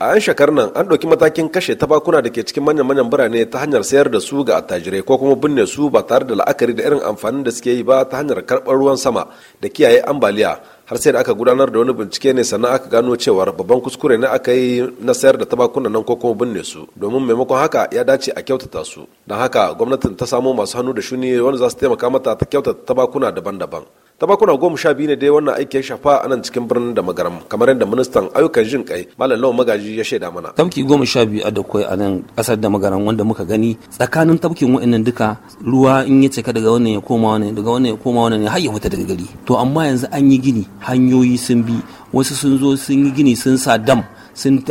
a yan shekar nan an ɗauki matakin kashe tabakuna da ke cikin manyan-manyan birane ta hanyar sayar da su ga attajirai ko kuma binne su ba tare da la'akari da irin amfanin da suke yi ba ta hanyar karɓar ruwan sama da kiyaye ambaliya har sai da aka gudanar da wani bincike ne sannan aka gano cewar babban kuskure ne aka yi na sayar da tabakuna nan ko kuma binne su domin maimakon haka ya dace a kyautata su don haka gwamnatin ta samo masu hannu da shuni wanda za su taimaka mata ta kyautata tabakuna daban-daban tabakuna goma sha biyu ne dai wannan aiki ya shafa a nan cikin birnin da magaram kamar yadda ministan ayyukan jin kai malam lawan magaji ya shaida mana tabki goma sha biyu a da kwai a nan kasar da magaram wanda muka gani tsakanin tabkin wa'annan duka ruwa in ya cika daga wannan ya koma wannan daga wannan ya koma wannan har ya fita daga gari to amma yanzu an yi gini hanyoyi sun bi wasu sun zo sun yi gini sun sa dam sun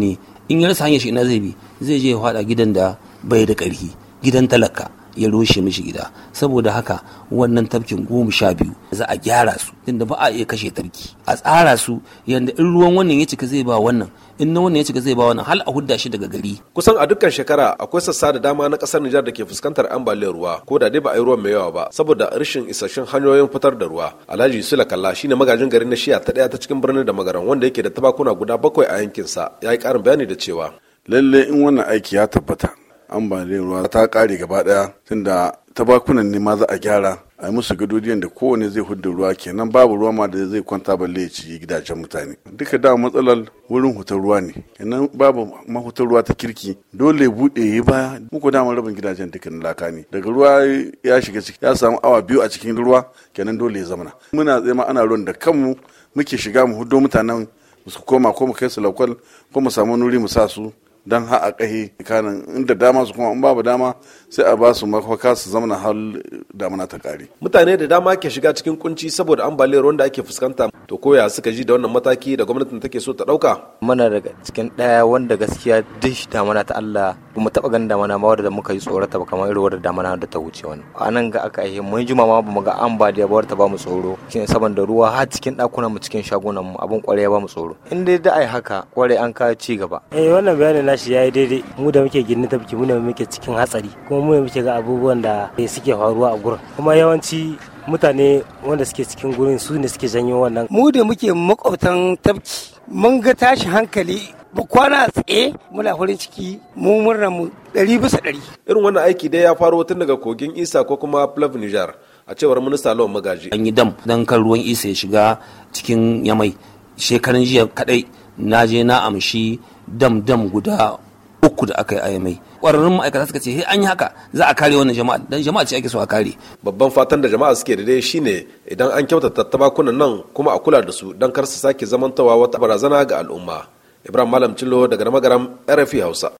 ne in ya rasa hanyar shi ina zai bi zai je ya faɗa gidan da bai da ƙarfi gidan talaka ya rushe mishi gida saboda haka wannan tafkin goma sha biyu za a gyara su inda ba a iya kashe tafki a tsara su yadda in ruwan wannan ya cika zai ba wannan in na wannan ya cika zai ba wannan hal a hudda shi daga gari kusan a dukkan shekara akwai sassa da dama na kasar Nijar da ke fuskantar ambaliyar ruwa ko da dai ba a yi ruwan mai yawa ba saboda rashin isasshen hanyoyin fitar da ruwa Alhaji Sula Kalla shine magajin garin na shiya ta daya ta cikin birnin da magaran wanda yake da tabakuna guda bakwai a yankinsa ya yi karin bayani da cewa lallai in wannan aiki ya tabbata ambaliyar ruwa ta kare gaba daya tunda ta bakunan ne ma za a gyara a yi musu gadodiyan da kowane zai hudu ruwa kenan babu ruwa ma da zai kwanta balle ya ci gidajen mutane duka da matsalar wurin hutar ruwa ne kenan babu mahutar ruwa ta kirki dole bude ya baya muku dama rabin gidajen duka na laka ne daga ruwa ya shiga ciki ya samu awa biyu a cikin ruwa kenan dole ya zamana muna tsaye ma ana ruwan da kanmu muke shiga mu hudo mutanen su koma ko mu kai su lakwal ko mu samu nuri mu sa su don ha'a a kanan inda dama su kuma in babu dama sai a ba su mafaka su zamana hal damana ta ƙari. mutane da dama ke shiga cikin kunci saboda ambaliyar wanda ake fuskanta to koya suka ji da wannan mataki da gwamnatin take so ta ɗauka. muna daga cikin ɗaya wanda gaskiya dish damana ta Allah mu taba ganin damana ma wadda muka yi tsorata ba kamar irin wadda damana da ta wuce wani a nan ga aka yi mun juma ma bamu ga an ba ta ba mu tsoro cikin saboda ruwa har cikin dakunan mu cikin shagunan mu abun kware ya ba mu tsoro in dai da ai haka kware an kawo ci gaba eh wannan bayanin nashi yayi daidai mu da muke gindin tafki mu ne muke cikin hatsari kuma mu ne muke ga abubuwan da suke faruwa a gurin kuma yawanci mutane wanda suke cikin gurin su ne suke janyo wannan mu da muke makwabtan tafki mun ga tashi hankali mu kwana tsaye muna farin ciki mu murna mu ɗari bisa ɗari. Irin wannan aiki dai ya faro tun daga kogin Isa ko kuma Plav Nijar a cewar minista Lawan Magaji. An yi dam don kan ruwan Isa ya shiga cikin Yamai shekaran jiya kaɗai na je na amshi dam dam guda uku da aka yi a Yamai. Ƙwararrun ma'aikata suka ce an yi haka za a kare wannan jama'a dan jama'a ce ake so a kare. Babban fatan da jama'a suke da shine idan an kyautata tabakunan nan kuma a kula da su don kar su sake zamantawa wata barazana ga al'umma. ibrahim malam cillo daga magaram rfi hausa